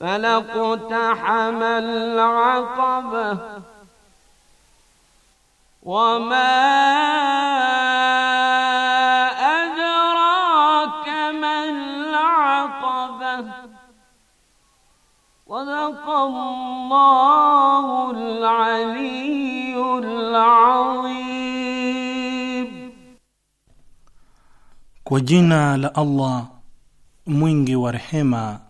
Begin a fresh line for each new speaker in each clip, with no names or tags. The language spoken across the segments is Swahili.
فلقتحم العقبة وما أدراك ما العقبة صدق الله العلي العظيم
وجنا لألله la Allah wa rehema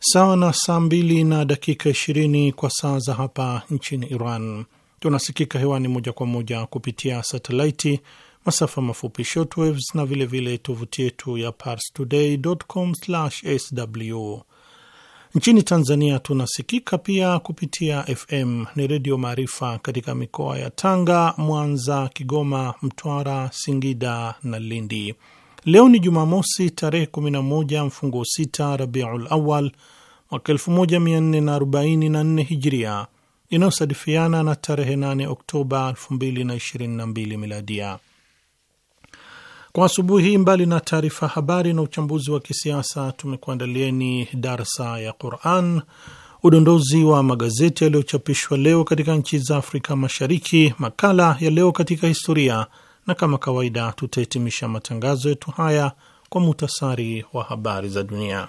sawa na saa mbili na dakika ishirini kwa saa za hapa nchini Iran. Tunasikika hewani moja kwa moja kupitia satelaiti, masafa mafupi shortwaves na vilevile tovuti yetu ya parstoday.com/sw. Nchini Tanzania tunasikika pia kupitia FM ni Redio Maarifa katika mikoa ya Tanga, Mwanza, Kigoma, Mtwara, Singida na Lindi. Leo ni Jumamosi tarehe 11 mfungo 6 Rabiul Awal mwaka 1444 Hijria, inayosadifiana na tarehe 8 Oktoba 2022 Miladia. Kwa asubuhi hii, mbali na taarifa habari na uchambuzi wa kisiasa, tumekuandalieni darsa ya Quran, udondozi wa magazeti yaliyochapishwa leo katika nchi za Afrika Mashariki, makala ya leo katika historia na kama kawaida tutahitimisha matangazo yetu haya kwa muhtasari wa habari za dunia.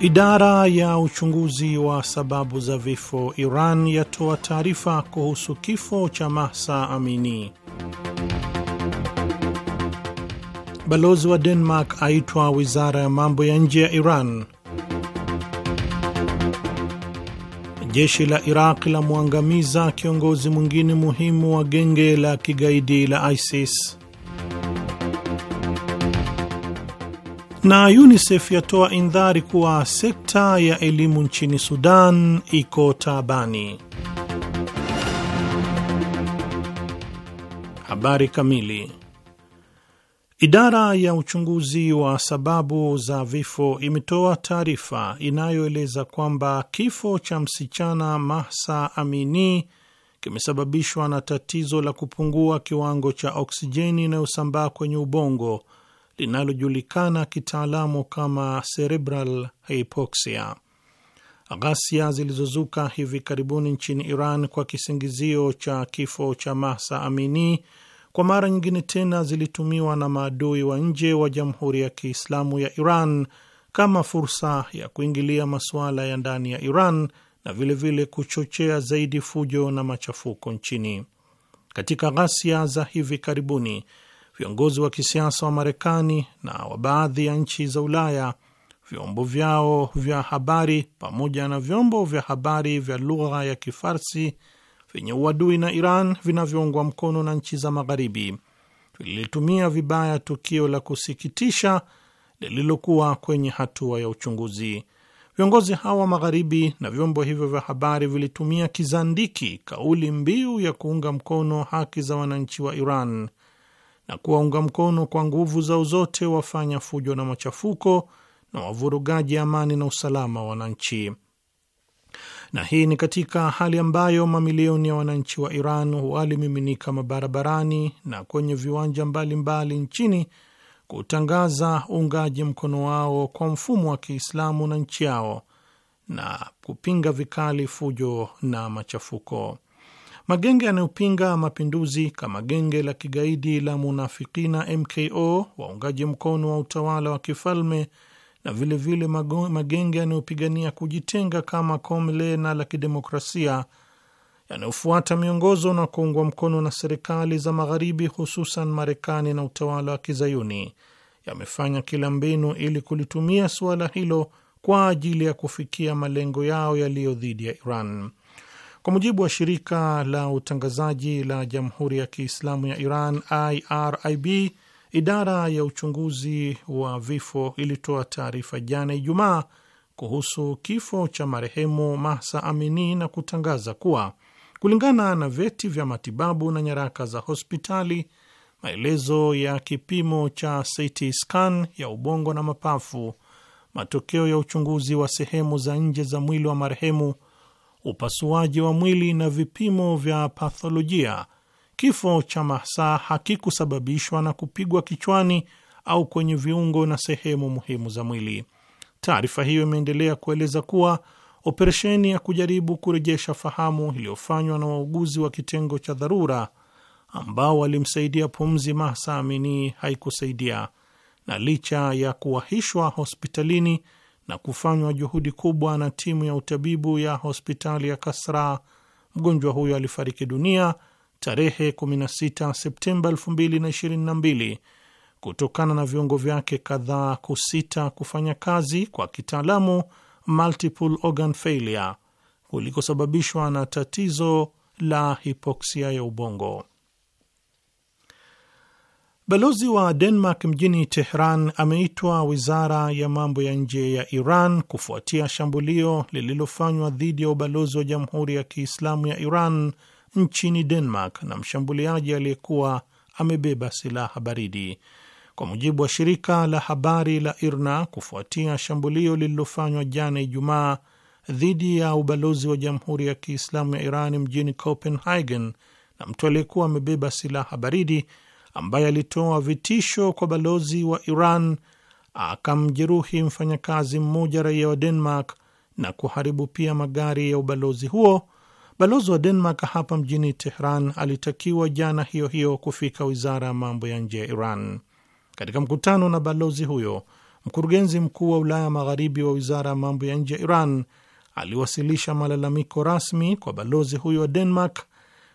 Idara ya uchunguzi wa sababu za vifo Iran yatoa taarifa kuhusu kifo cha Mahsa Amini. Balozi wa Denmark aitwa wizara ya mambo ya nje ya Iran. Jeshi la Iraq la mwangamiza kiongozi mwingine muhimu wa genge la kigaidi la ISIS. Na UNICEF yatoa indhari kuwa sekta ya elimu nchini Sudan iko taabani. Habari kamili. Idara ya uchunguzi wa sababu za vifo imetoa taarifa inayoeleza kwamba kifo cha msichana Mahsa Amini kimesababishwa na tatizo la kupungua kiwango cha oksijeni inayosambaa kwenye ubongo linalojulikana kitaalamu kama cerebral hypoxia. Ghasia zilizozuka hivi karibuni nchini Iran kwa kisingizio cha kifo cha Mahsa Amini kwa mara nyingine tena zilitumiwa na maadui wa nje wa Jamhuri ya Kiislamu ya Iran kama fursa ya kuingilia masuala ya ndani ya Iran na vilevile vile kuchochea zaidi fujo na machafuko nchini. Katika ghasia za hivi karibuni viongozi wa kisiasa wa Marekani na wa baadhi ya nchi za Ulaya, vyombo vyao vya habari pamoja na vyombo vya habari vya lugha ya Kifarsi vyenye uadui na Iran vinavyoungwa mkono na nchi za Magharibi vilitumia vibaya tukio la kusikitisha lililokuwa kwenye hatua ya uchunguzi. Viongozi hawa Magharibi na vyombo hivyo vya habari vilitumia kizandiki kauli mbiu ya kuunga mkono haki za wananchi wa Iran na kuwaunga mkono kwa nguvu zao zote wafanya fujo na machafuko na wavurugaji amani na usalama wa wananchi. Na hii ni katika hali ambayo mamilioni ya wananchi wa Iran walimiminika mabarabarani na kwenye viwanja mbalimbali mbali nchini kutangaza uungaji mkono wao kwa mfumo wa Kiislamu na nchi yao na kupinga vikali fujo na machafuko. Magenge yanayopinga mapinduzi kama genge la kigaidi la Munafikina mko waungaji mkono wa utawala wa kifalme na vilevile vile magenge yanayopigania kujitenga kama Komle na la kidemokrasia yanayofuata miongozo na kuungwa mkono na serikali za Magharibi, hususan Marekani na utawala wa kizayuni yamefanya kila mbinu ili kulitumia suala hilo kwa ajili ya kufikia malengo yao yaliyo dhidi ya Iran. Kwa mujibu wa shirika la utangazaji la Jamhuri ya Kiislamu ya Iran, IRIB, idara ya uchunguzi wa vifo ilitoa taarifa jana Ijumaa kuhusu kifo cha marehemu Mahsa Amini na kutangaza kuwa kulingana na vyeti vya matibabu na nyaraka za hospitali, maelezo ya kipimo cha CT scan ya ubongo na mapafu, matokeo ya uchunguzi wa sehemu za nje za mwili wa marehemu upasuaji wa mwili na vipimo vya patholojia, kifo cha Mahsa hakikusababishwa na kupigwa kichwani au kwenye viungo na sehemu muhimu za mwili. Taarifa hiyo imeendelea kueleza kuwa operesheni ya kujaribu kurejesha fahamu iliyofanywa na wauguzi wa kitengo cha dharura ambao walimsaidia pumzi Mahsa Amini haikusaidia, na licha ya kuwahishwa hospitalini na kufanywa juhudi kubwa na timu ya utabibu ya hospitali ya Kasra, mgonjwa huyo alifariki dunia tarehe 16 Septemba 2022 kutokana na viungo vyake kadhaa kusita kufanya kazi kwa kitaalamu, multiple organ failure, kulikosababishwa na tatizo la hipoksia ya ubongo. Balozi wa Denmark mjini Tehran ameitwa wizara ya mambo ya nje ya Iran kufuatia shambulio lililofanywa dhidi ya ubalozi wa Jamhuri ya Kiislamu ya Iran nchini Denmark na mshambuliaji aliyekuwa amebeba silaha baridi. Kwa mujibu wa shirika la habari la IRNA, kufuatia shambulio lililofanywa jana Ijumaa dhidi ya ubalozi wa Jamhuri ya Kiislamu ya Iran mjini Copenhagen na mtu aliyekuwa amebeba silaha baridi ambaye alitoa vitisho kwa balozi wa Iran akamjeruhi mfanyakazi mmoja raia wa Denmark na kuharibu pia magari ya ubalozi huo. Balozi wa Denmark hapa mjini Tehran alitakiwa jana hiyo hiyo kufika wizara ya mambo ya nje ya Iran. Katika mkutano na balozi huyo, mkurugenzi mkuu wa Ulaya Magharibi wa wizara ya mambo ya nje ya Iran aliwasilisha malalamiko rasmi kwa balozi huyo wa Denmark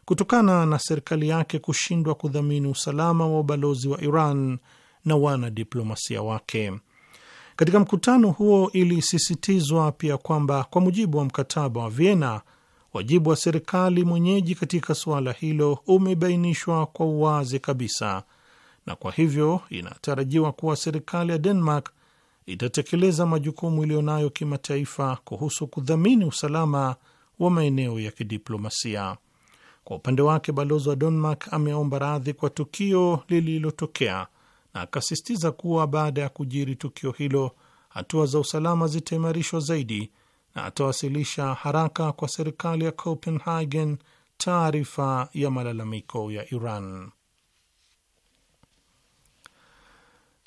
kutokana na serikali yake kushindwa kudhamini usalama wa ubalozi wa Iran na wanadiplomasia wake. Katika mkutano huo ilisisitizwa pia kwamba kwa mujibu wa mkataba wa Vienna, wajibu wa serikali mwenyeji katika suala hilo umebainishwa kwa uwazi kabisa, na kwa hivyo inatarajiwa kuwa serikali ya Denmark itatekeleza majukumu iliyonayo kimataifa kuhusu kudhamini usalama wa maeneo ya kidiplomasia. Kwa upande wake balozi wa Denmark ameomba radhi kwa tukio lililotokea na akasisitiza kuwa baada ya kujiri tukio hilo hatua za usalama zitaimarishwa zaidi na atawasilisha haraka kwa serikali ya Copenhagen taarifa ya malalamiko ya Iran.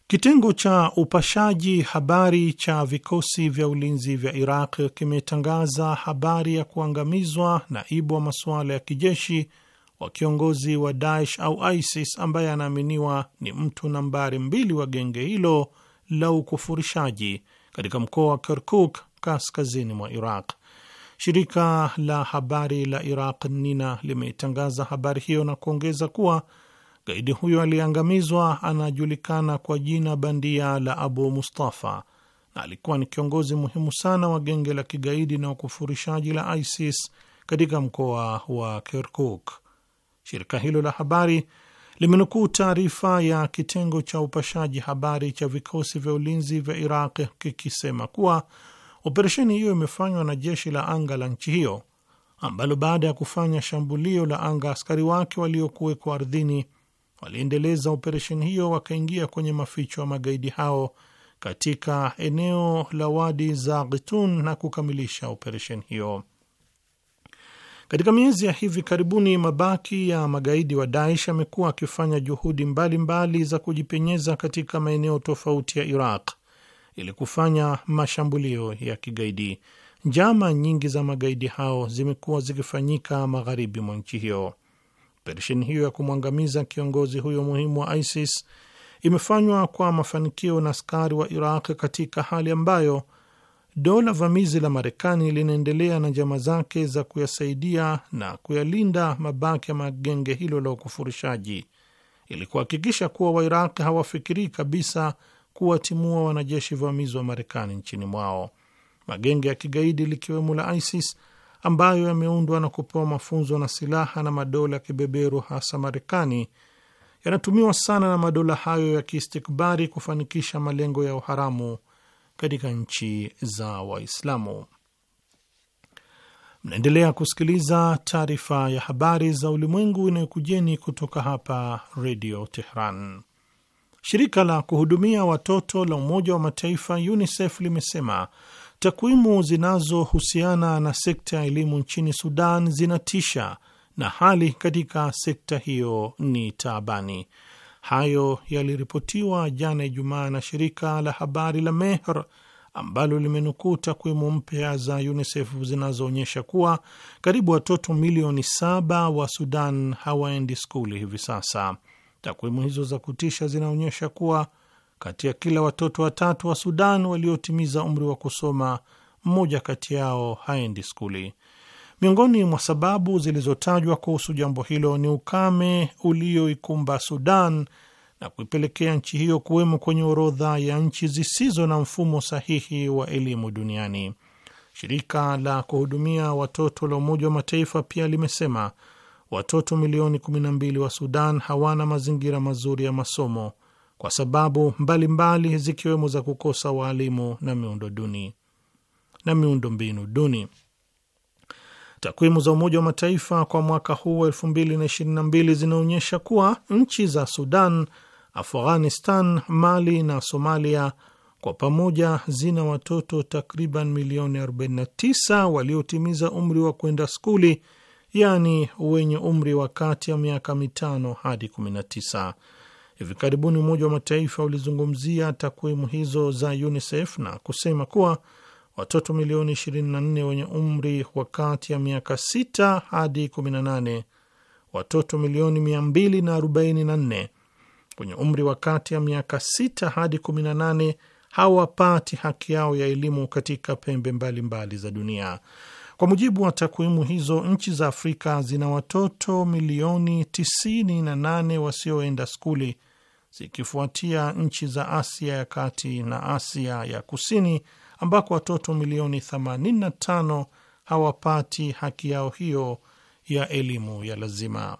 Kitengo cha upashaji habari cha vikosi vya ulinzi vya Iraq kimetangaza habari ya kuangamizwa naibu wa masuala ya kijeshi wa kiongozi wa Daesh au ISIS ambaye anaaminiwa ni mtu nambari mbili wa genge hilo la ukufurishaji katika mkoa wa Kirkuk kaskazini mwa Iraq. Shirika la habari la Iraq Nina limetangaza habari hiyo na kuongeza kuwa Gaidi huyo aliyeangamizwa anajulikana kwa jina bandia la Abu Mustafa na alikuwa ni kiongozi muhimu sana wa genge la kigaidi na ukufurishaji la ISIS katika mkoa wa Kirkuk. Shirika hilo la habari limenukuu taarifa ya kitengo cha upashaji habari cha vikosi vya ulinzi vya Iraq kikisema kuwa operesheni hiyo imefanywa na jeshi la anga la nchi hiyo ambalo baada ya kufanya shambulio la anga askari wake waliokuwekwa ardhini waliendeleza operesheni hiyo wakaingia kwenye maficho ya magaidi hao katika eneo la wadi za Ghitun na kukamilisha operesheni hiyo. Katika miezi ya hivi karibuni, mabaki ya magaidi wa Daesh amekuwa akifanya juhudi mbalimbali mbali za kujipenyeza katika maeneo tofauti ya Iraq ili kufanya mashambulio ya kigaidi. Njama nyingi za magaidi hao zimekuwa zikifanyika magharibi mwa nchi hiyo. Operesheni hiyo ya kumwangamiza kiongozi huyo muhimu wa ISIS imefanywa kwa mafanikio na askari wa Iraq katika hali ambayo dola vamizi la Marekani linaendelea na njama zake za kuyasaidia na kuyalinda mabaki ya magenge hilo la ukufurishaji ili kuhakikisha kuwa Wairaq hawafikirii kabisa kuwatimua wanajeshi vamizi wa Marekani nchini mwao. Magenge ya kigaidi likiwemo la ISIS ambayo yameundwa na kupewa mafunzo na silaha na madola ya kibeberu hasa Marekani yanatumiwa sana na madola hayo ya kiistikbari kufanikisha malengo ya uharamu katika nchi za Waislamu. Mnaendelea kusikiliza taarifa ya habari za ulimwengu inayokujeni kutoka hapa Redio Tehran. Shirika la kuhudumia watoto la Umoja wa Mataifa UNICEF limesema Takwimu zinazohusiana na sekta ya elimu nchini Sudan zinatisha na hali katika sekta hiyo ni taabani. Hayo yaliripotiwa jana Ijumaa na shirika la habari la Mehr ambalo limenukuu takwimu mpya za UNICEF zinazoonyesha kuwa karibu watoto milioni saba wa Sudan hawaendi skuli hivi sasa. Takwimu hizo za kutisha zinaonyesha kuwa kati ya kila watoto watatu wa Sudan waliotimiza umri wa kusoma, mmoja kati yao haendi skuli. Miongoni mwa sababu zilizotajwa kuhusu jambo hilo ni ukame ulioikumba Sudan na kuipelekea nchi hiyo kuwemo kwenye orodha ya nchi zisizo na mfumo sahihi wa elimu duniani. Shirika la kuhudumia watoto la Umoja wa Mataifa pia limesema watoto milioni 12 wa Sudan hawana mazingira mazuri ya masomo kwa sababu mbalimbali zikiwemo za kukosa waalimu na miundo duni na miundo mbinu duni. Takwimu za Umoja wa Mataifa kwa mwaka huu wa 2022 zinaonyesha kuwa nchi za Sudan, Afghanistan, Mali na Somalia kwa pamoja zina watoto takriban milioni 49 waliotimiza umri wa kwenda skuli, yaani wenye umri wa kati ya miaka mitano hadi 19. Hivi karibuni Umoja wa Mataifa ulizungumzia takwimu hizo za UNICEF na kusema kuwa watoto milioni 24 wenye umri wa kati ya miaka 6 hadi 18, watoto milioni 244 wenye umri wa kati ya miaka 6 hadi 18 hawapati haki yao ya elimu katika pembe mbalimbali mbali za dunia. Kwa mujibu wa takwimu hizo, nchi za Afrika zina watoto milioni 98 wasioenda skuli zikifuatia nchi za Asia ya kati na Asia ya kusini ambako watoto milioni 85 hawapati haki yao hiyo ya elimu ya lazima.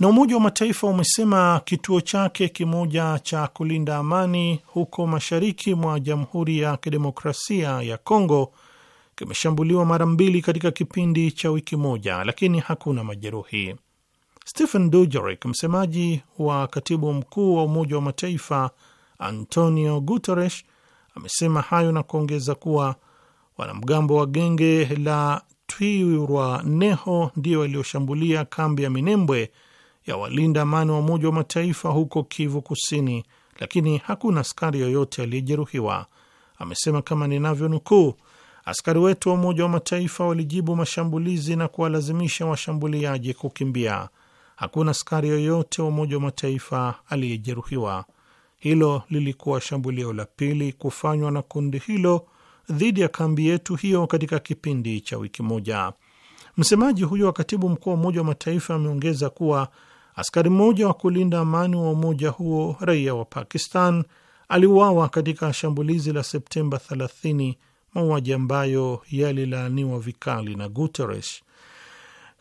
Na Umoja wa Mataifa umesema kituo chake kimoja cha kulinda amani huko mashariki mwa Jamhuri ya Kidemokrasia ya Kongo kimeshambuliwa mara mbili katika kipindi cha wiki moja, lakini hakuna majeruhi. Stephen Dujerik, msemaji wa katibu mkuu wa Umoja wa Mataifa Antonio Guterres, amesema hayo na kuongeza kuwa wanamgambo wa genge la twirwa neho ndio walioshambulia kambi ya Minembwe ya walinda amani wa Umoja wa Mataifa huko Kivu Kusini, lakini hakuna askari yoyote aliyejeruhiwa. Amesema kama ninavyonukuu, askari wetu wa Umoja wa Mataifa walijibu mashambulizi na kuwalazimisha washambuliaji kukimbia hakuna askari yoyote wa Umoja wa Mataifa aliyejeruhiwa. Hilo lilikuwa shambulio la pili kufanywa na kundi hilo dhidi ya kambi yetu hiyo katika kipindi cha wiki moja. Msemaji huyo wa katibu mkuu wa Umoja wa Mataifa ameongeza kuwa askari mmoja wa kulinda amani wa umoja huo, raia wa Pakistan, aliuawa katika shambulizi la Septemba 30, mauaji ambayo yalilaaniwa vikali na Guterres.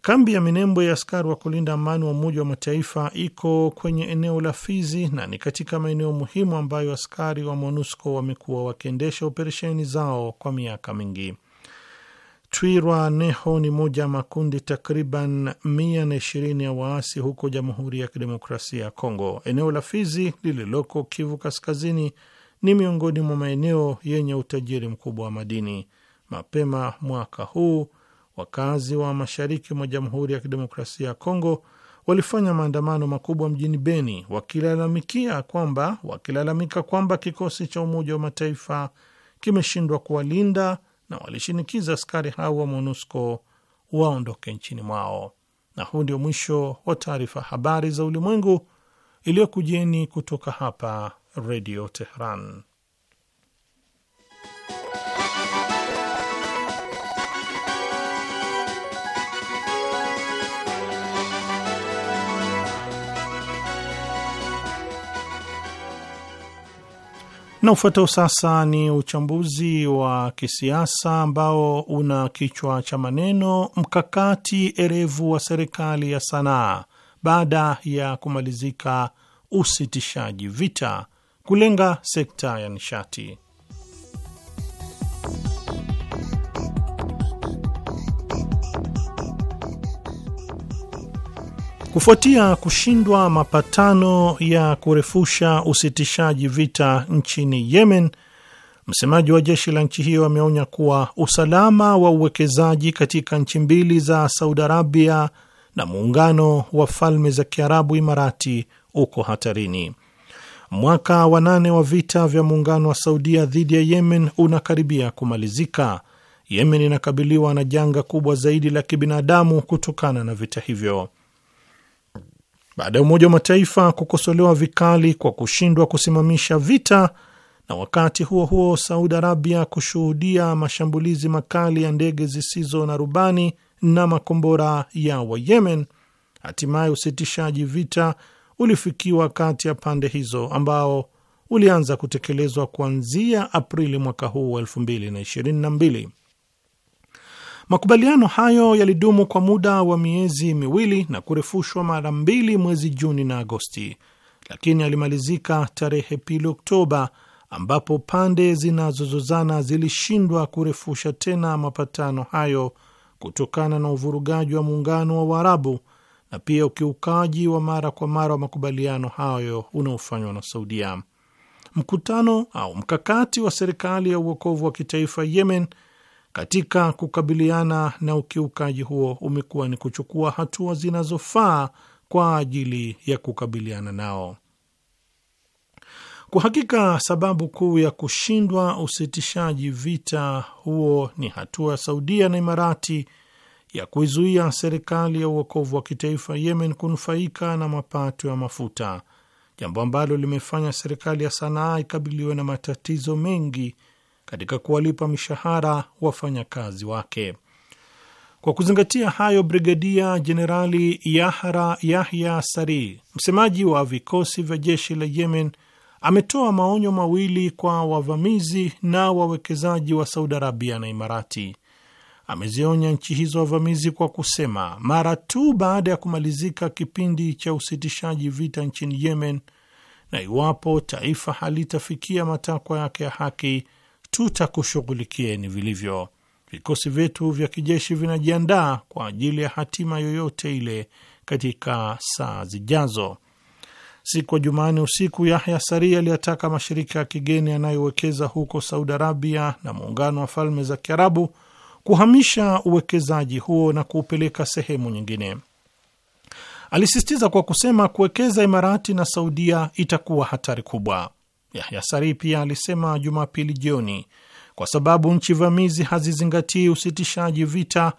Kambi ya Minembwe ya askari wa kulinda amani wa Umoja wa Mataifa iko kwenye eneo la Fizi na ni katika maeneo muhimu ambayo askari wa MONUSCO wamekuwa wakiendesha operesheni zao kwa miaka mingi. Twirwa Neho ni moja ya makundi takriban mia na ishirini ya waasi huko Jamhuri ya Kidemokrasia ya Kongo. Eneo la Fizi lililoko Kivu Kaskazini ni miongoni mwa maeneo yenye utajiri mkubwa wa madini. Mapema mwaka huu wakazi wa mashariki mwa Jamhuri ya Kidemokrasia ya Kongo walifanya maandamano makubwa mjini Beni wakilalamikia kwamba wakilalamika kwamba kikosi cha Umoja wa Mataifa kimeshindwa kuwalinda na walishinikiza askari hao wa MONUSCO waondoke nchini mwao. Na huu ndio mwisho wa taarifa habari za ulimwengu iliyokujeni kutoka hapa Redio Teheran. Na ufuatao sasa ni uchambuzi wa kisiasa ambao una kichwa cha maneno mkakati erevu wa serikali ya Sanaa baada ya kumalizika usitishaji vita kulenga sekta ya nishati. Kufuatia kushindwa mapatano ya kurefusha usitishaji vita nchini Yemen, msemaji wa jeshi la nchi hiyo ameonya kuwa usalama wa uwekezaji katika nchi mbili za Saudi Arabia na muungano wa falme za Kiarabu Imarati uko hatarini. Mwaka wa nane wa vita vya muungano wa Saudia dhidi ya Yemen unakaribia kumalizika. Yemen inakabiliwa na janga kubwa zaidi la kibinadamu kutokana na vita hivyo baada ya Umoja wa Mataifa kukosolewa vikali kwa kushindwa kusimamisha vita na wakati huo huo Saudi Arabia kushuhudia mashambulizi makali ya ndege zisizo na rubani na makombora ya Wayemen, hatimaye usitishaji vita ulifikiwa kati ya pande hizo ambao ulianza kutekelezwa kuanzia Aprili mwaka huu wa 2022. Makubaliano hayo yalidumu kwa muda wa miezi miwili na kurefushwa mara mbili mwezi Juni na Agosti, lakini alimalizika tarehe pili Oktoba ambapo pande zinazozozana zilishindwa kurefusha tena mapatano hayo kutokana na uvurugaji wa muungano wa Waarabu na pia ukiukaji wa mara kwa mara wa makubaliano hayo unaofanywa na Saudia. Mkutano au mkakati wa serikali ya uokovu wa kitaifa Yemen katika kukabiliana na ukiukaji huo umekuwa ni kuchukua hatua zinazofaa kwa ajili ya kukabiliana nao. Kwa hakika sababu kuu ya kushindwa usitishaji vita huo ni hatua ya Saudia na Imarati ya kuizuia serikali ya uokovu wa kitaifa Yemen kunufaika na mapato ya mafuta, jambo ambalo limefanya serikali ya Sanaa ikabiliwe na matatizo mengi katika kuwalipa mishahara wafanyakazi wake. Kwa kuzingatia hayo, Brigedia Jenerali Yahra Yahya Sari, msemaji wa vikosi vya jeshi la Yemen, ametoa maonyo mawili kwa wavamizi na wawekezaji wa Saudi Arabia na Imarati. Amezionya nchi hizo wavamizi kwa kusema mara tu baada ya kumalizika kipindi cha usitishaji vita nchini Yemen, na iwapo taifa halitafikia matakwa yake ya haki tutakushughulikieni vilivyo. Vikosi vyetu vya kijeshi vinajiandaa kwa ajili ya hatima yoyote ile katika saa zijazo. Siku ya Jumani usiku, Yahya Sari aliyataka mashirika ya kigeni yanayowekeza huko Saudi Arabia na Muungano wa Falme za Kiarabu kuhamisha uwekezaji huo na kuupeleka sehemu nyingine. Alisisitiza kwa kusema kuwekeza Imarati na Saudia itakuwa hatari kubwa. Yahya Sari pia alisema Jumapili jioni, kwa sababu nchi vamizi hazizingatii usitishaji vita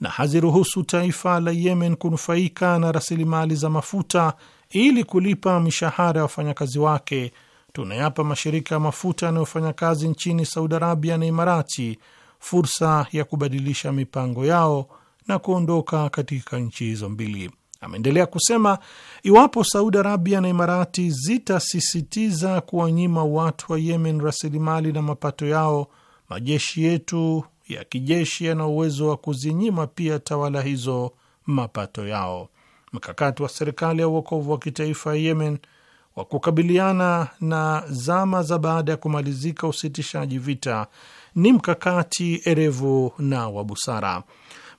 na haziruhusu taifa la Yemen kunufaika na rasilimali za mafuta ili kulipa mishahara ya wafanyakazi wake, tunayapa mashirika ya mafuta yanayofanya kazi nchini Saudi Arabia na Imarati fursa ya kubadilisha mipango yao na kuondoka katika nchi hizo mbili. Ameendelea kusema iwapo Saudi Arabia na Imarati zitasisitiza kuwanyima watu wa Yemen rasilimali na mapato yao, majeshi yetu ya kijeshi yana uwezo wa kuzinyima pia tawala hizo mapato yao. Mkakati wa serikali ya uokovu wa kitaifa ya Yemen wa kukabiliana na zama za baada ya kumalizika usitishaji vita ni mkakati erevu na wa busara.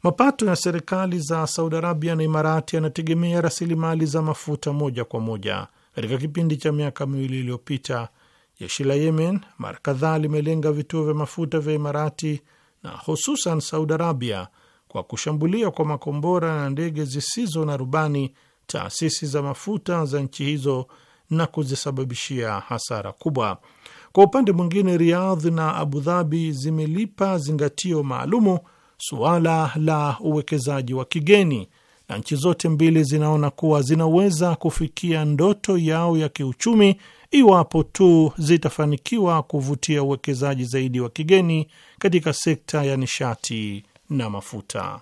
Mapato ya serikali za Saudi Arabia na Imarati yanategemea rasilimali za mafuta moja kwa moja. Katika kipindi cha miaka miwili iliyopita, jeshi la Yemen mara kadhaa limelenga vituo vya mafuta vya Imarati na hususan Saudi Arabia kwa kushambulia kwa makombora na ndege zisizo na rubani taasisi za mafuta za nchi hizo na kuzisababishia hasara kubwa. Kwa upande mwingine, Riyadh na Abu Dhabi zimelipa zingatio maalumu suala la uwekezaji wa kigeni, na nchi zote mbili zinaona kuwa zinaweza kufikia ndoto yao ya kiuchumi iwapo tu zitafanikiwa kuvutia uwekezaji zaidi wa kigeni katika sekta ya nishati na mafuta.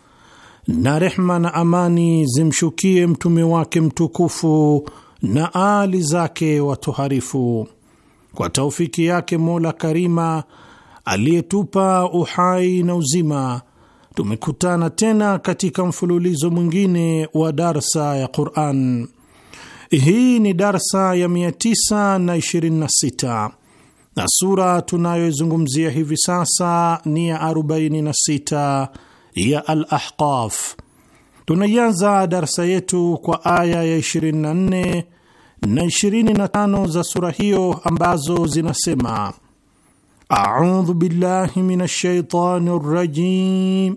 na rehma na amani zimshukie mtume wake mtukufu na aali zake watoharifu. Kwa taufiki yake Mola Karima aliyetupa uhai na uzima, tumekutana tena katika mfululizo mwingine wa darsa ya Quran. Hii ni darsa ya 926 na sura tunayoizungumzia hivi sasa ni ya 46 ya Al-Ahqaf. Tunaianza darsa yetu kwa aya ya 24 na 25 za sura hiyo ambazo zinasema: audhu billahi minash shaitani rrajim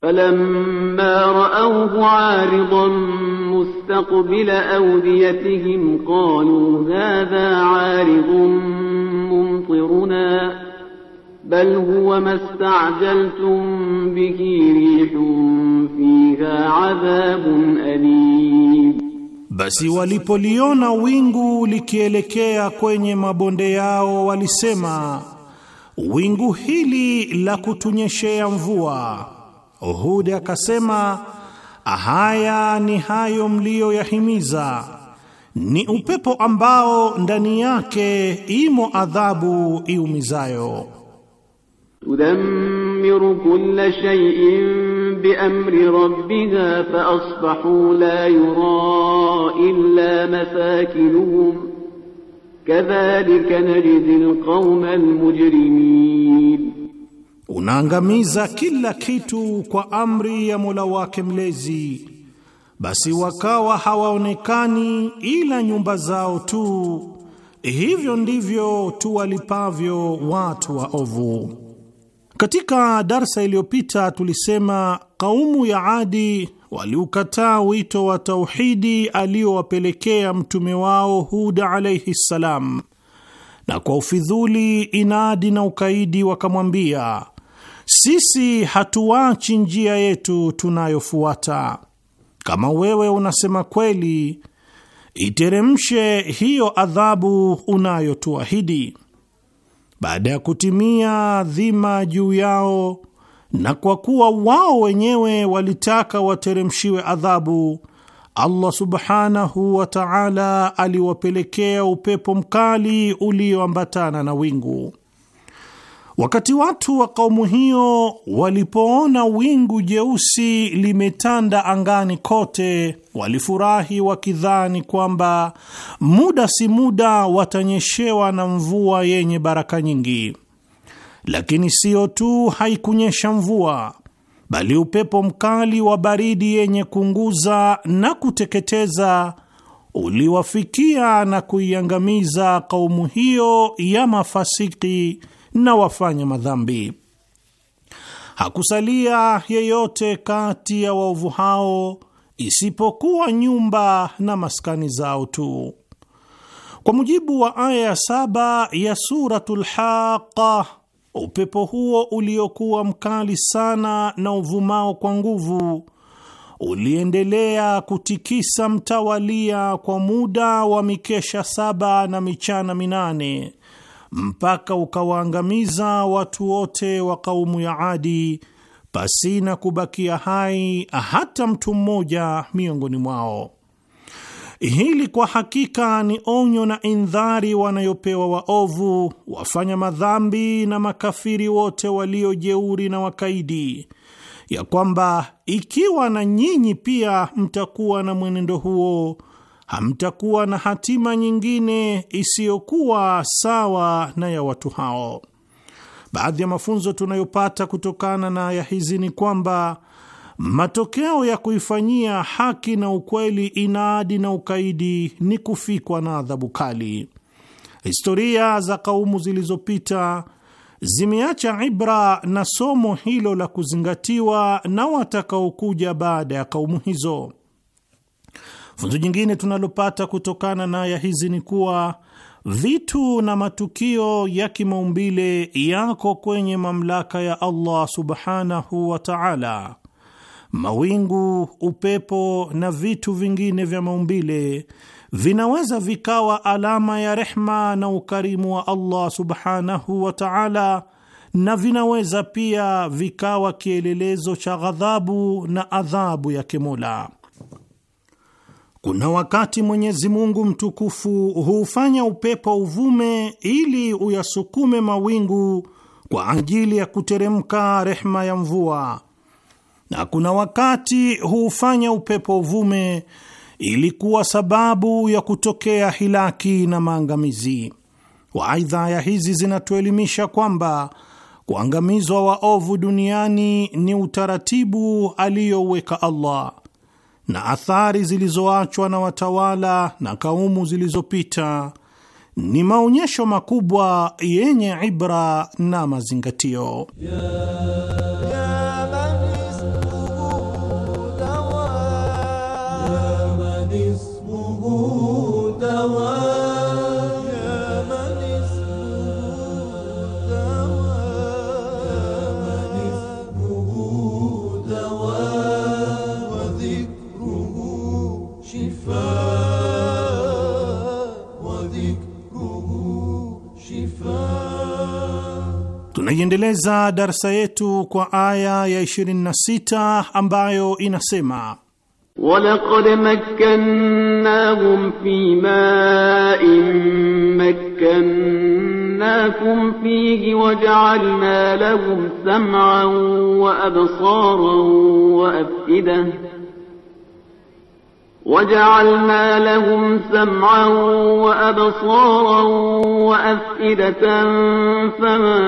falamma raawhu aridan
mustaqbila awdiyatihim qalu hadha aridun mumtiruna بل هو ما استعجلتم
به ريح فيها عذاب أليم Basi walipoliona wingu likielekea kwenye mabonde yao, walisema wingu hili la kutunyeshea mvua. uhudi akasema haya ni hayo mliyoyahimiza, ni upepo ambao ndani yake imo adhabu iumizayo. تدمر
كل شيء بأمر ربها فأصبحوا لا يرى إلا مساكنهم كذلك نجزي القوم المجرمين
Unaangamiza kila kitu kwa amri ya Mola wake mlezi, basi wakawa hawaonekani ila nyumba zao tu. Hivyo ndivyo tuwalipavyo watu waovu. Katika darsa iliyopita tulisema kaumu ya Adi waliukataa wito wa tauhidi aliyowapelekea mtume wao Huda alaihi ssalam, na kwa ufidhuli, inadi na ukaidi wakamwambia, sisi hatuwachi njia yetu tunayofuata, kama wewe unasema kweli, iteremshe hiyo adhabu unayotuahidi baada ya kutimia dhima juu yao, na kwa kuwa wao wenyewe walitaka wateremshiwe adhabu, Allah subhanahu wa ta'ala aliwapelekea upepo mkali ulioambatana na wingu. Wakati watu wa kaumu hiyo walipoona wingu jeusi limetanda angani kote, walifurahi wakidhani kwamba muda si muda watanyeshewa na mvua yenye baraka nyingi. Lakini siyo tu haikunyesha mvua, bali upepo mkali wa baridi yenye kunguza na kuteketeza uliwafikia na kuiangamiza kaumu hiyo ya mafasiki na wafanya madhambi. Hakusalia yeyote kati ya waovu hao isipokuwa nyumba na maskani zao tu. Kwa mujibu wa aya ya saba ya Suratul Haqa, upepo huo uliokuwa mkali sana na uvumao kwa nguvu uliendelea kutikisa mtawalia kwa muda wa mikesha saba na michana minane mpaka ukawaangamiza watu wote wa kaumu ya Adi pasina kubakia hai hata mtu mmoja miongoni mwao. Hili kwa hakika ni onyo na indhari wanayopewa waovu, wafanya madhambi na makafiri wote waliojeuri na wakaidi, ya kwamba ikiwa na nyinyi pia mtakuwa na mwenendo huo hamtakuwa na hatima nyingine isiyokuwa sawa na ya watu hao. Baadhi ya mafunzo tunayopata kutokana na aya hizi ni kwamba matokeo ya kuifanyia haki na ukweli inaadi na ukaidi ni kufikwa na adhabu kali. Historia za kaumu zilizopita zimeacha ibra na somo hilo la kuzingatiwa na watakaokuja baada ya kaumu hizo. Funzo jingine tunalopata kutokana na aya hizi ni kuwa vitu na matukio ya kimaumbile yako kwenye mamlaka ya Allah subhanahu wa ta'ala. Mawingu, upepo na vitu vingine vya maumbile vinaweza vikawa alama ya rehma na ukarimu wa Allah subhanahu wa ta'ala, na vinaweza pia vikawa kielelezo cha ghadhabu na adhabu ya kimola. Kuna wakati Mwenyezi Mungu mtukufu huufanya upepo uvume ili uyasukume mawingu kwa ajili ya kuteremka rehma ya mvua, na kuna wakati huufanya upepo uvume ili kuwa sababu ya kutokea hilaki na maangamizi. waaidha aya hizi zinatuelimisha kwamba kuangamizwa waovu duniani ni utaratibu aliyouweka Allah na athari zilizoachwa na watawala na kaumu zilizopita ni maonyesho makubwa yenye ibra na mazingatio yeah. Tunaiendeleza darsa yetu kwa aya ya 26 ambayo inasema Walaqad makkannahum fi ma'in makkannakum
fihi waja'alna lahum sam'an wa absaran wa af'idah وجعلنا لهم سمعا وأبصارا وأفئدة فما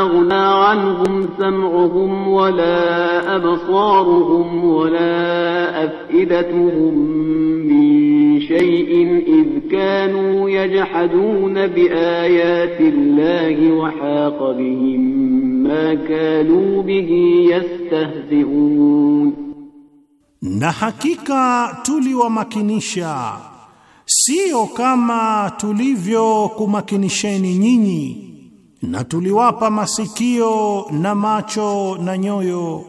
أغنى عنهم سمعهم ولا أبصارهم ولا أفئدتهم من شيء إذ كانوا يجحدون بآيات الله وحاق بهم ما كانوا به
يستهزئون Na hakika tuliwamakinisha, sio kama tulivyokumakinisheni nyinyi, na tuliwapa masikio na macho na nyoyo,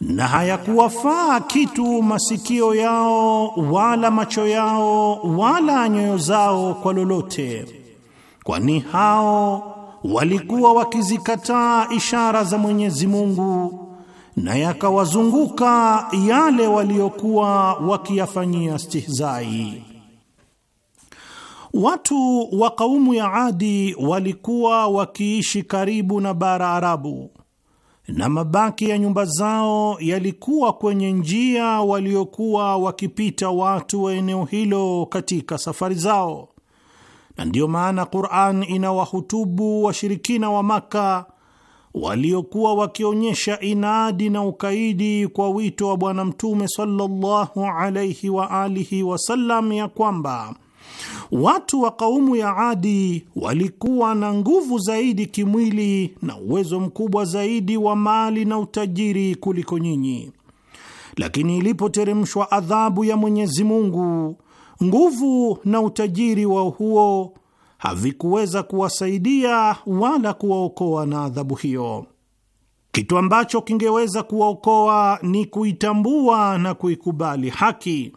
na hayakuwafaa kitu masikio yao wala macho yao wala nyoyo zao kwa lolote, kwani hao walikuwa wakizikataa ishara za Mwenyezi Mungu na yakawazunguka yale waliokuwa wakiyafanyia stihzai. Watu wa kaumu ya Adi walikuwa wakiishi karibu na bara Arabu, na mabaki ya nyumba zao yalikuwa kwenye njia waliokuwa wakipita watu wa eneo hilo katika safari zao, na ndiyo maana Qur'an inawahutubu washirikina wa Maka waliokuwa wakionyesha inadi na ukaidi kwa wito wa Bwana Mtume sallallahu alaihi wa alihi wasallam, ya kwamba watu wa kaumu ya Adi walikuwa na nguvu zaidi kimwili na uwezo mkubwa zaidi wa mali na utajiri kuliko nyinyi, lakini ilipoteremshwa adhabu ya Mwenyezi Mungu, nguvu na utajiri wa huo havikuweza kuwasaidia wala kuwaokoa na adhabu hiyo. Kitu ambacho kingeweza kuwaokoa ni kuitambua na kuikubali haki.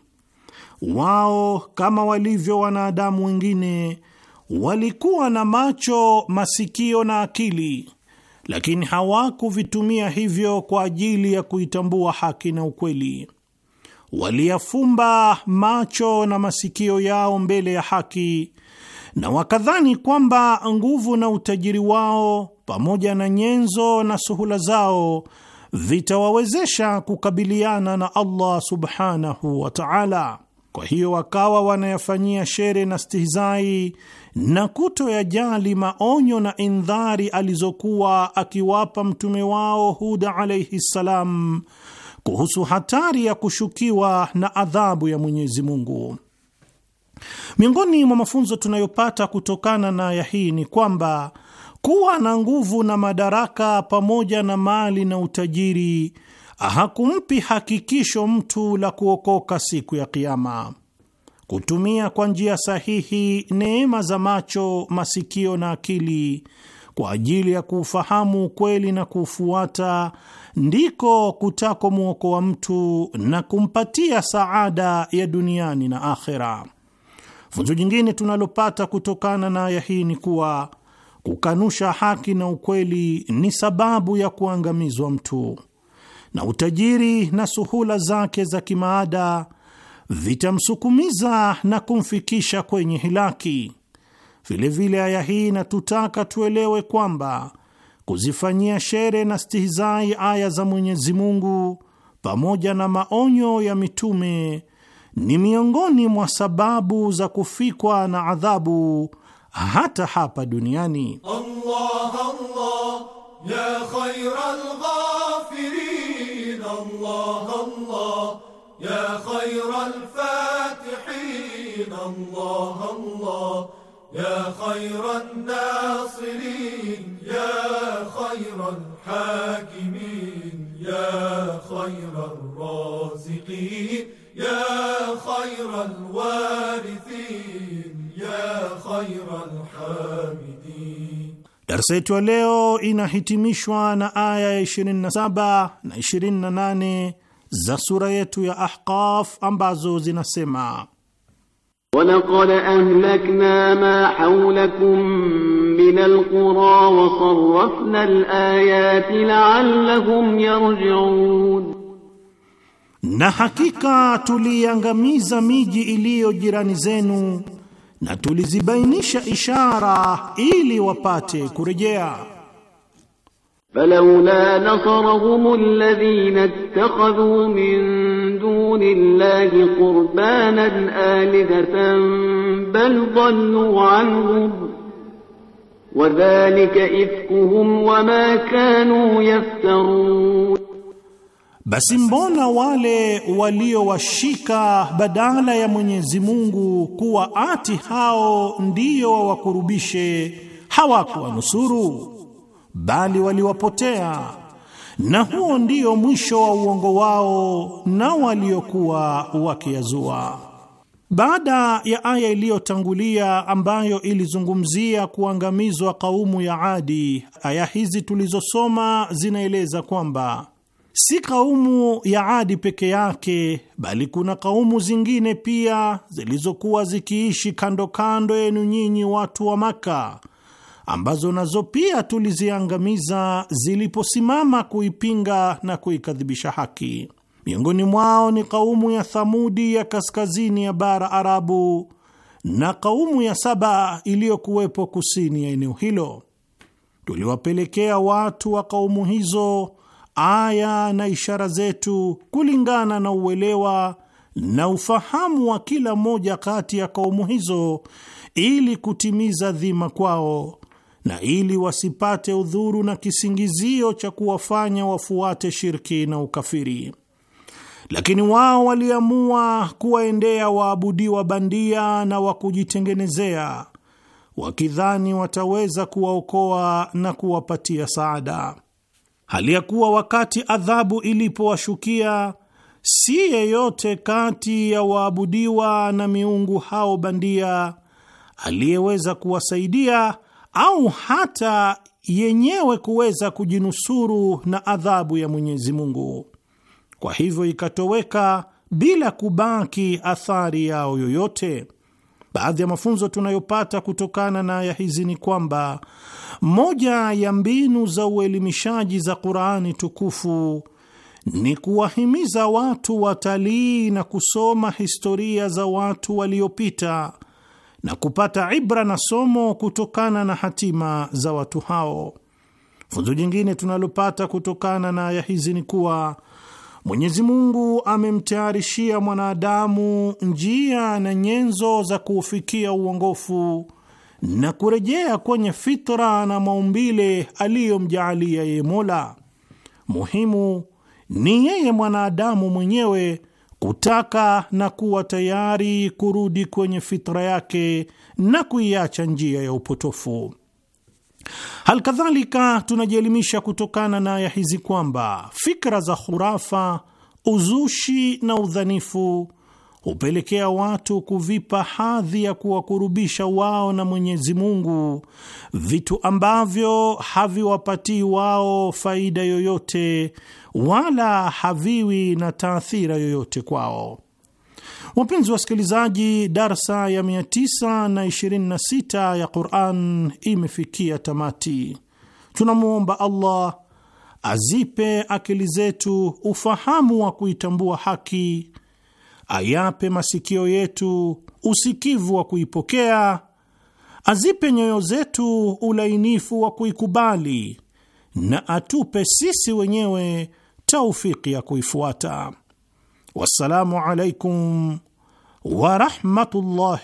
Wao kama walivyo wanadamu wengine walikuwa na macho, masikio na akili, lakini hawakuvitumia hivyo kwa ajili ya kuitambua haki na ukweli. Waliyafumba macho na masikio yao mbele ya haki na wakadhani kwamba nguvu na utajiri wao pamoja na nyenzo na suhula zao vitawawezesha kukabiliana na Allah subhanahu wa ta'ala. Kwa hiyo wakawa wanayafanyia shere na stihizai na kutoyajali maonyo na indhari alizokuwa akiwapa mtume wao Huda alayhi ssalam kuhusu hatari ya kushukiwa na adhabu ya Mwenyezi Mungu. Miongoni mwa mafunzo tunayopata kutokana na aya hii ni kwamba kuwa na nguvu na madaraka pamoja na mali na utajiri hakumpi hakikisho mtu la kuokoka siku ya Kiama. Kutumia kwa njia sahihi neema za macho, masikio na akili kwa ajili ya kuufahamu ukweli na kuufuata ndiko kutako wa mtu na kumpatia saada ya duniani na akhera. Funzo jingine tunalopata kutokana na aya hii ni kuwa kukanusha haki na ukweli ni sababu ya kuangamizwa mtu, na utajiri na suhula zake za kimaada vitamsukumiza na kumfikisha kwenye hilaki. Vilevile aya hii inatutaka tuelewe kwamba kuzifanyia shere na stihizai aya za Mwenyezi Mungu pamoja na maonyo ya mitume ni miongoni mwa sababu za kufikwa na adhabu hata hapa duniani.
Allah, Allah, ya ya يا خير الوارثين ya khairal hamidin.
Darsa yetu ya leo inahitimishwa na aya ya 27 na 28 za sura yetu ya Ahqaf ambazo zinasema
ولقد أهلكنا
ما حولكم
من القرى وصرفنا الآيات لعلهم
يرجعون Na hakika tuliiangamiza miji iliyo jirani zenu na tulizibainisha ishara ili wapate kurejea. Falawla nasarahum
alladhina ittakhadhu min duni llahi qurbanan alihatan bal dhallu anhum wadhalika ifkuhum wama kanu yaftarun
basi mbona wale waliowashika badala ya Mwenyezi Mungu kuwa ati hao ndiyo wawakurubishe hawakuwanusuru bali waliwapotea, na huo ndio mwisho wa uongo wao na waliokuwa wakiyazua. Baada ya aya iliyotangulia ambayo ilizungumzia kuangamizwa kaumu ya Adi, aya hizi tulizosoma zinaeleza kwamba Si kaumu ya Adi peke yake, bali kuna kaumu zingine pia zilizokuwa zikiishi kando kando yenu nyinyi watu wa Maka, ambazo nazo pia tuliziangamiza ziliposimama kuipinga na kuikadhibisha haki. Miongoni mwao ni kaumu ya Thamudi ya kaskazini ya bara Arabu na kaumu ya Saba iliyokuwepo kusini ya eneo hilo. Tuliwapelekea watu wa kaumu hizo aya na ishara zetu kulingana na uelewa na ufahamu wa kila moja kati ya kaumu hizo, ili kutimiza dhima kwao na ili wasipate udhuru na kisingizio cha kuwafanya wafuate shirki na ukafiri. Lakini wao waliamua kuwaendea waabudiwa bandia na wa kujitengenezea, wakidhani wataweza kuwaokoa na kuwapatia saada hali ya kuwa wakati adhabu ilipowashukia si yeyote kati ya waabudiwa na miungu hao bandia aliyeweza kuwasaidia au hata yenyewe kuweza kujinusuru na adhabu ya Mwenyezi Mungu. Kwa hivyo ikatoweka bila kubaki athari yao yoyote. Baadhi ya mafunzo tunayopata kutokana na aya hizi ni kwamba moja ya mbinu za uelimishaji za Qur'ani tukufu ni kuwahimiza watu watalii na kusoma historia za watu waliopita na kupata ibra na somo kutokana na hatima za watu hao. Funzo jingine tunalopata kutokana na aya hizi ni kuwa Mwenyezi Mungu amemtayarishia mwanadamu njia na nyenzo za kuufikia uongofu na kurejea kwenye fitra na maumbile aliyomjaalia yeye Mola. Muhimu ni yeye mwanadamu mwenyewe kutaka na kuwa tayari kurudi kwenye fitra yake na kuiacha njia ya upotofu. Halkadhalika, tunajielimisha kutokana na aya hizi kwamba fikra za khurafa, uzushi na udhanifu hupelekea watu kuvipa hadhi ya kuwakurubisha wao na Mwenyezi Mungu vitu ambavyo haviwapatii wao faida yoyote wala haviwi na taathira yoyote kwao. Wapenzi wasikilizaji, darsa ya 926 ya Quran imefikia tamati. Tunamwomba Allah azipe akili zetu ufahamu wa kuitambua haki ayape masikio yetu usikivu wa kuipokea, azipe nyoyo zetu ulainifu wa kuikubali, na atupe sisi wenyewe taufiki ya kuifuata. Wassalamu alaikum ورحمة الله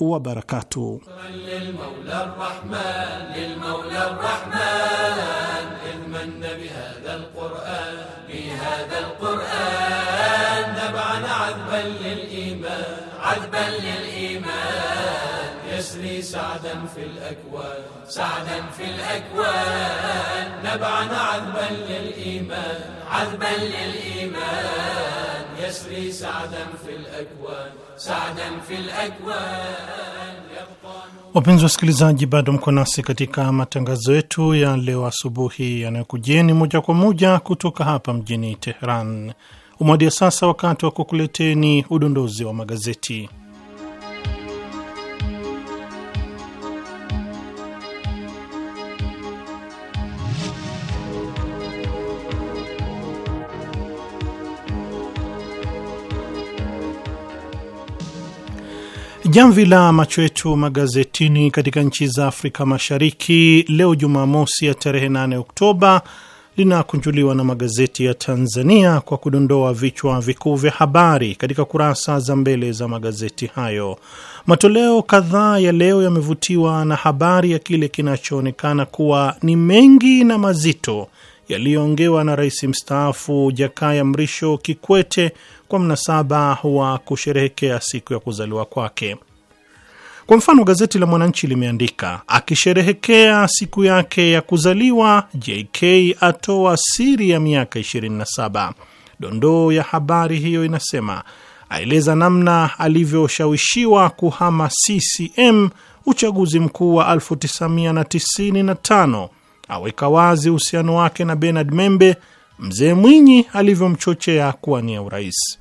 وبركاته
للمولى الرحمن للمولى الرحمن المن بهذا القرآن بهذا القرآن نبعنا عذبا للإيمان عذبا للإيمان يسري سعدا في الأكوان سعدا في الأكوان نبعنا عذبا للإيمان عذبا للإيمان النسر سعدا في الاكوان سعدا في الاكوان
Wapenzi wasikilizaji, bado mko nasi katika matangazo yetu ya leo asubuhi yanayokujieni moja kwa moja kutoka hapa mjini Teheran. Umewadia sasa wakati wa kukuleteni udondozi wa magazeti. Jamvi la macho yetu magazetini katika nchi za Afrika Mashariki leo Jumamosi ya tarehe 8 Oktoba linakunjuliwa na magazeti ya Tanzania kwa kudondoa vichwa vikuu vya habari katika kurasa za mbele za magazeti hayo. Matoleo kadhaa ya leo yamevutiwa na habari ya kile kinachoonekana kuwa ni mengi na mazito yaliyoongewa na rais mstaafu Jakaya Mrisho Kikwete kwa mnasaba wa kusherehekea siku ya kuzaliwa kwake. Kwa mfano, gazeti la Mwananchi limeandika akisherehekea siku yake ya kuzaliwa, JK atoa siri ya miaka 27. Dondoo ya habari hiyo inasema aeleza namna alivyoshawishiwa kuhama CCM uchaguzi mkuu wa 1995, aweka wazi uhusiano wake na Bernard Membe, mzee Mwinyi alivyomchochea kuwania urais.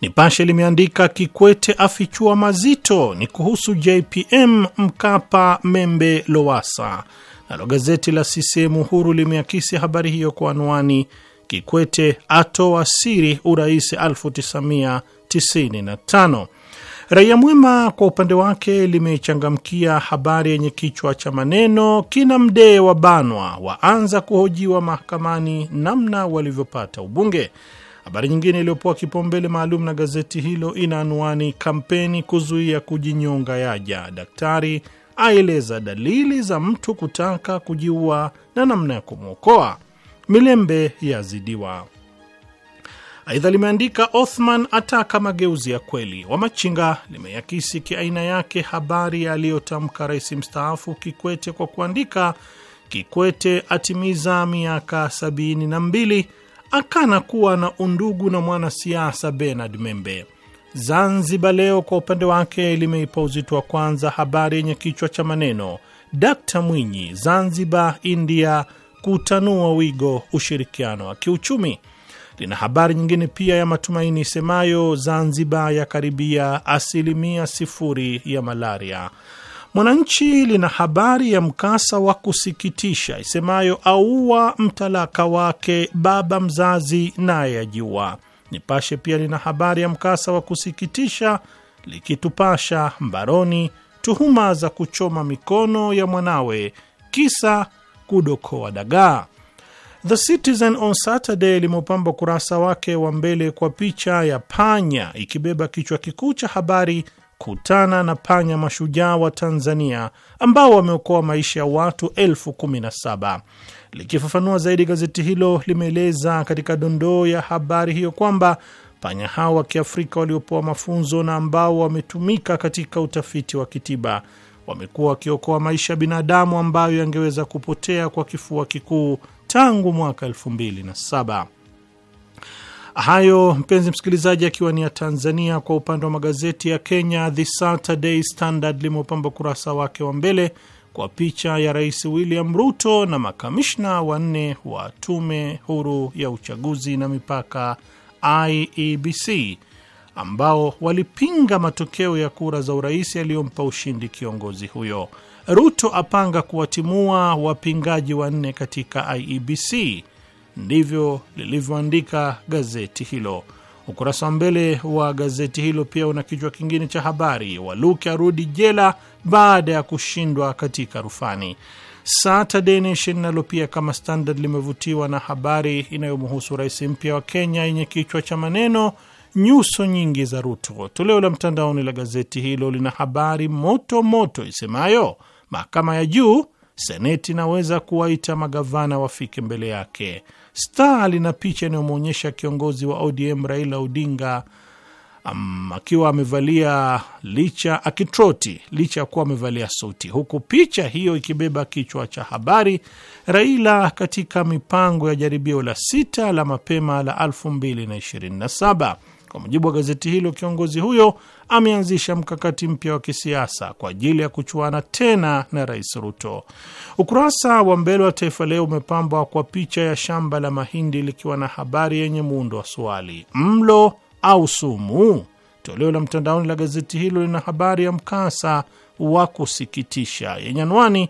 Nipashe limeandika Kikwete afichua mazito, ni kuhusu JPM, Mkapa, Membe, Lowasa. Nalo gazeti la CCM Uhuru limeakisi habari hiyo kwa anwani Kikwete atoa siri urais 1995. Raia Mwema kwa upande wake limechangamkia habari yenye kichwa cha maneno kina Mdee wa banwa waanza kuhojiwa mahakamani namna walivyopata ubunge. Habari nyingine iliyopoa kipaumbele maalum na gazeti hilo ina anwani kampeni kuzuia kujinyonga yaja, daktari aeleza dalili za mtu kutaka kujiua na namna ya kumwokoa, milembe yazidiwa. Aidha limeandika Othman ataka mageuzi ya kweli, Wamachinga limeyakisi kiaina yake habari aliyotamka rais mstaafu Kikwete kwa kuandika, Kikwete atimiza miaka sabini na mbili akana kuwa na undugu na mwanasiasa Bernard Membe. Zanzibar Leo kwa upande wake limeipa uzito wa kwanza habari yenye kichwa cha maneno Dkt Mwinyi, Zanzibar India kutanua wigo ushirikiano wa kiuchumi. Lina habari nyingine pia ya matumaini isemayo Zanzibar yakaribia asilimia sifuri ya malaria, Mwananchi lina habari ya mkasa wa kusikitisha isemayo aua mtalaka wake baba mzazi naye ajua Nipashe pia lina habari ya mkasa wa kusikitisha likitupasha mbaroni tuhuma za kuchoma mikono ya mwanawe kisa kudokoa dagaa. The Citizen on Saturday limeupamba ukurasa wake wa mbele kwa picha ya panya ikibeba kichwa kikuu cha habari kutana na panya mashujaa wa Tanzania ambao wameokoa maisha ya watu elfu kumi na saba. Likifafanua zaidi, gazeti hilo limeeleza katika dondoo ya habari hiyo kwamba panya hao wa Kiafrika waliopewa mafunzo na ambao wametumika katika utafiti wa kitiba wamekuwa wakiokoa maisha ya binadamu ambayo yangeweza kupotea kwa kifua kikuu tangu mwaka elfu mbili na saba. Hayo mpenzi msikilizaji, akiwa ni ya Tanzania. Kwa upande wa magazeti ya Kenya, The Saturday Standard limeupamba ukurasa wake wa mbele kwa picha ya Rais William Ruto na makamishna wanne wa tume huru ya uchaguzi na mipaka IEBC ambao walipinga matokeo ya kura za urais yaliyompa ushindi kiongozi huyo. Ruto apanga kuwatimua wapingaji wanne katika IEBC ndivyo lilivyoandika gazeti hilo. Ukurasa wa mbele wa gazeti hilo pia una kichwa kingine cha habari, Waluke arudi jela baada ya kushindwa katika rufani. Saturday Nation nalo pia kama Standard limevutiwa na habari inayomhusu rais mpya wa Kenya yenye kichwa cha maneno nyuso nyingi za Ruto. Toleo la mtandaoni la gazeti hilo lina habari moto moto isemayo mahakama ya juu, seneti inaweza kuwaita magavana wafike mbele yake. Star lina picha inayomwonyesha kiongozi wa ODM Raila Odinga um, akiwa amevalia licha akitroti licha ya kuwa amevalia suti, huku picha hiyo ikibeba kichwa cha habari Raila katika mipango ya jaribio la sita la mapema la 2027. Kwa mujibu wa gazeti hilo, kiongozi huyo ameanzisha mkakati mpya wa kisiasa kwa ajili ya kuchuana tena na Rais Ruto. Ukurasa wa mbele wa Taifa Leo umepambwa kwa picha ya shamba la mahindi likiwa na habari yenye muundo wa swali, mlo au sumu? Toleo la mtandaoni la gazeti hilo lina habari ya mkasa wa kusikitisha yenye anwani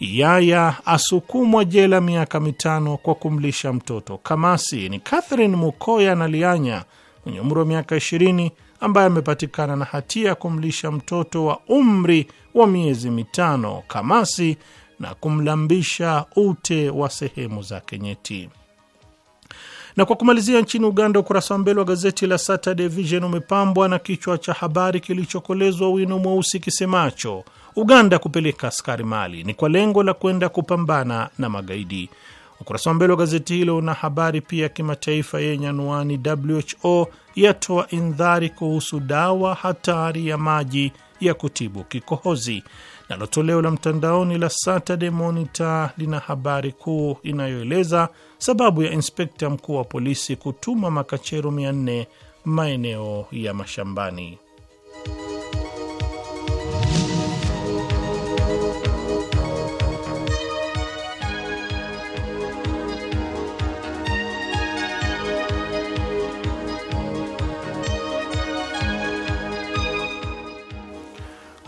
yaya asukumwa jela miaka mitano kwa kumlisha mtoto kamasi. Ni Catherine Mukoya na Lianya mwenye umri wa miaka 20 ambaye amepatikana na hatia ya kumlisha mtoto wa umri wa miezi mitano kamasi na kumlambisha ute wa sehemu zake nyeti. Na kwa kumalizia, nchini Uganda, ukurasa wa mbele wa gazeti la Saturday Vision umepambwa na kichwa cha habari kilichokolezwa wino mweusi kisemacho Uganda kupeleka askari Mali ni kwa lengo la kwenda kupambana na magaidi. Ukurasa wa mbele wa gazeti hilo una habari pia ya kimataifa yenye anwani WHO yatoa indhari kuhusu dawa hatari ya maji ya kutibu kikohozi. Nalo toleo la mtandaoni la Saturday Monitor lina habari kuu inayoeleza sababu ya inspekta mkuu wa polisi kutuma makachero 400 maeneo ya mashambani.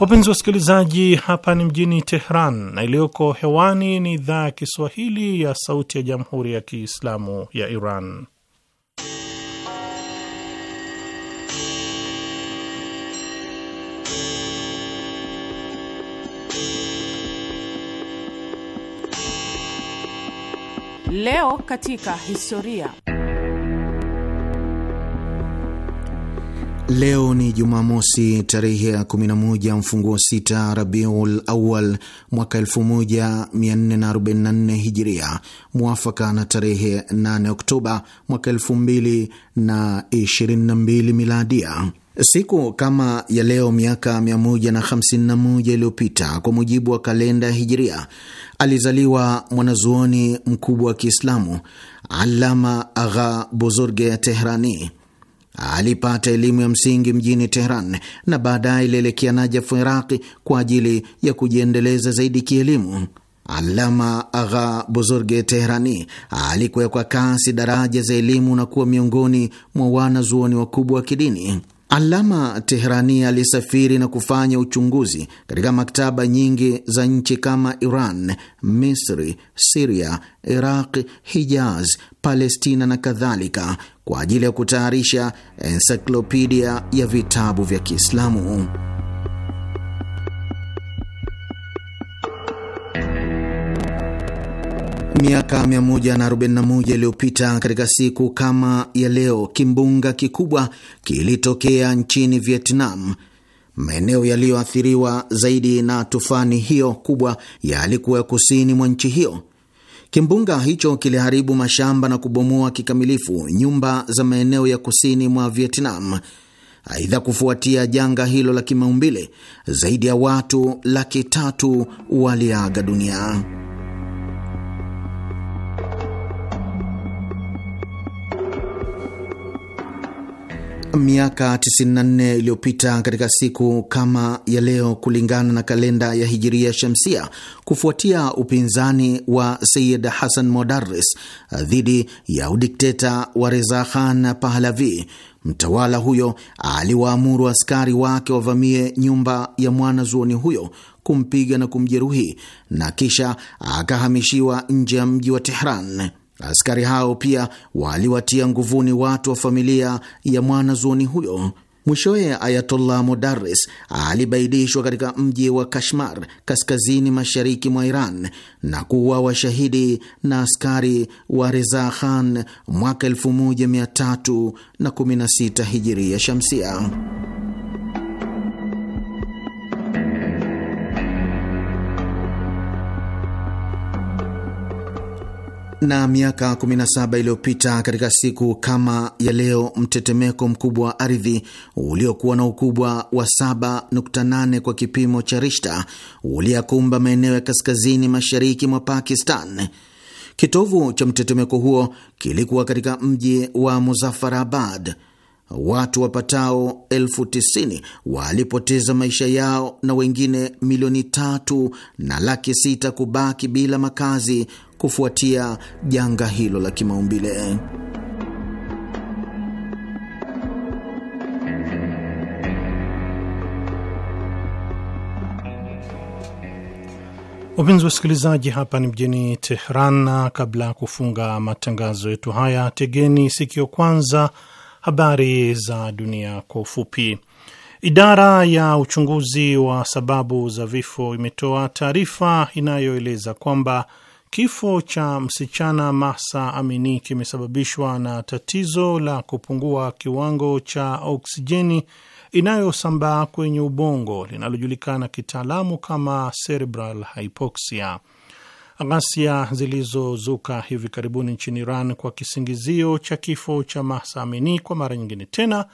Wapenzi wasikilizaji, hapa ni mjini Tehran na iliyoko hewani ni idhaa ya Kiswahili ya Sauti ya Jamhuri ya Kiislamu ya Iran.
Leo katika historia
Leo ni Jumamosi tarehe ya 11 mfunguo sita Rabiul Awal mwaka 1444 Hijria, mwafaka na tarehe 8 Oktoba mwaka 2022 Miladia. Siku kama ya leo miaka 151 iliyopita kwa mujibu wa kalenda Hijria, alizaliwa mwanazuoni mkubwa wa Kiislamu alama Agha Bozorge Tehrani. Alipata elimu ya msingi mjini Teheran na baadaye ilielekea Najafu, Iraqi, kwa ajili ya kujiendeleza zaidi kielimu. Alama Agha Buzurge Teherani alikuwekwa kwa kasi daraja za elimu na kuwa miongoni mwa wanazuoni wakubwa wa kidini. Alama Teherani alisafiri na kufanya uchunguzi katika maktaba nyingi za nchi kama Iran, Misri, Siria, Iraq, Hijaz, Palestina na kadhalika kwa ajili ya kutayarisha ensiklopidia ya vitabu vya Kiislamu. Miaka 141 iliyopita katika siku kama ya leo, kimbunga kikubwa kilitokea nchini Vietnam. Maeneo yaliyoathiriwa zaidi na tufani hiyo kubwa yalikuwa ya kusini mwa nchi hiyo. Kimbunga hicho kiliharibu mashamba na kubomoa kikamilifu nyumba za maeneo ya kusini mwa Vietnam. Aidha, kufuatia janga hilo la kimaumbile, zaidi ya watu laki tatu waliaga dunia. Miaka 94 iliyopita katika siku kama ya leo, kulingana na kalenda ya hijiria shamsia, kufuatia upinzani wa Sayid Hasan Modarres dhidi ya udikteta wa Reza Khan Pahlavi, mtawala huyo aliwaamuru askari wake wavamie nyumba ya mwanazuoni huyo kumpiga na kumjeruhi, na kisha akahamishiwa nje ya mji wa Tehran. Askari hao pia waliwatia nguvuni watu wa familia ya mwanazuoni huyo. Mwishowe Ayatollah Modares alibaidishwa katika mji wa Kashmar kaskazini mashariki mwa Iran na kuwa washahidi na askari wa Reza Khan mwaka 1316 hijiria shamsia. na miaka 17 iliyopita katika siku kama ya leo, mtetemeko mkubwa wa ardhi uliokuwa na ukubwa wa 7.8 kwa kipimo cha Rishta uliyakumba maeneo ya kaskazini mashariki mwa Pakistan. Kitovu cha mtetemeko huo kilikuwa katika mji wa Muzaffarabad. Watu wapatao elfu tisini walipoteza maisha yao na wengine milioni tatu na laki sita kubaki bila makazi kufuatia janga hilo la kimaumbile.
Wapenzi wasikilizaji, hapa ni mjini tehran na kabla ya kufunga matangazo yetu haya, tegeni sikio kwanza habari za dunia kwa ufupi. Idara ya uchunguzi wa sababu za vifo imetoa taarifa inayoeleza kwamba Kifo cha msichana Mahsa Amini kimesababishwa na tatizo la kupungua kiwango cha oksijeni inayosambaa kwenye ubongo linalojulikana kitaalamu kama cerebral hypoxia. Ghasia zilizozuka hivi karibuni nchini Iran kwa kisingizio cha kifo cha Mahsa Amini kwa mara nyingine tena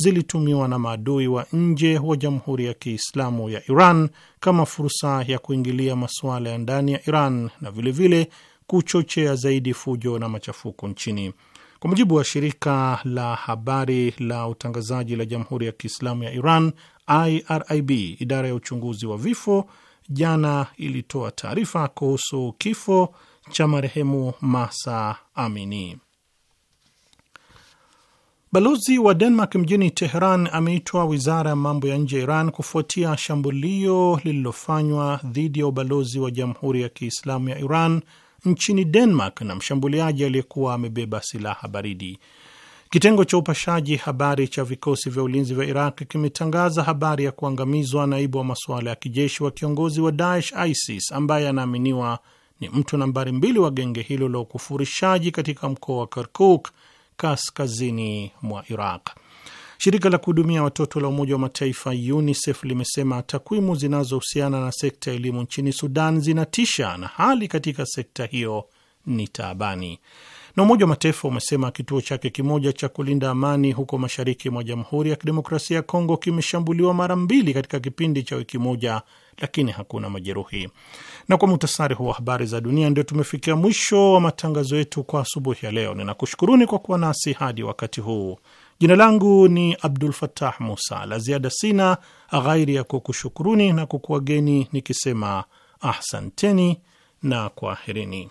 zilitumiwa na maadui wa nje wa Jamhuri ya Kiislamu ya Iran kama fursa ya kuingilia masuala ya ndani ya Iran na vilevile vile kuchochea zaidi fujo na machafuko nchini. Kwa mujibu wa shirika la habari la utangazaji la Jamhuri ya Kiislamu ya Iran IRIB, idara ya uchunguzi wa vifo jana ilitoa taarifa kuhusu kifo cha marehemu Masa Amini. Balozi wa Denmark mjini Teheran ameitwa wizara ya mambo ya nje ya Iran kufuatia shambulio lililofanywa dhidi ya ubalozi wa Jamhuri ya Kiislamu ya Iran nchini Denmark na mshambuliaji aliyekuwa amebeba silaha baridi. Kitengo cha upashaji habari cha vikosi vya ulinzi vya Iraq kimetangaza habari ya kuangamizwa naibu wa masuala ya kijeshi wa kiongozi wa Daesh ISIS ambaye anaaminiwa ni mtu nambari mbili wa genge hilo la ukufurishaji katika mkoa wa Kirkuk kaskazini mwa Iraq. Shirika la kuhudumia watoto la Umoja wa Mataifa UNICEF limesema takwimu zinazohusiana na sekta ya elimu nchini Sudan zinatisha na hali katika sekta hiyo ni taabani. Na Umoja wa Mataifa umesema kituo chake kimoja cha kulinda amani huko mashariki mwa Jamhuri ya Kidemokrasia ya Kongo kimeshambuliwa mara mbili katika kipindi cha wiki moja, lakini hakuna majeruhi. Na kwa muhtasari huu wa habari za dunia, ndio tumefikia mwisho wa matangazo yetu kwa asubuhi ya leo. Ninakushukuruni kwa kuwa nasi hadi wakati huu. Jina langu ni Abdul Fatah Musa. La ziada sina ghairi ya kukushukuruni na kukuwageni nikisema ahsanteni na kwaherini.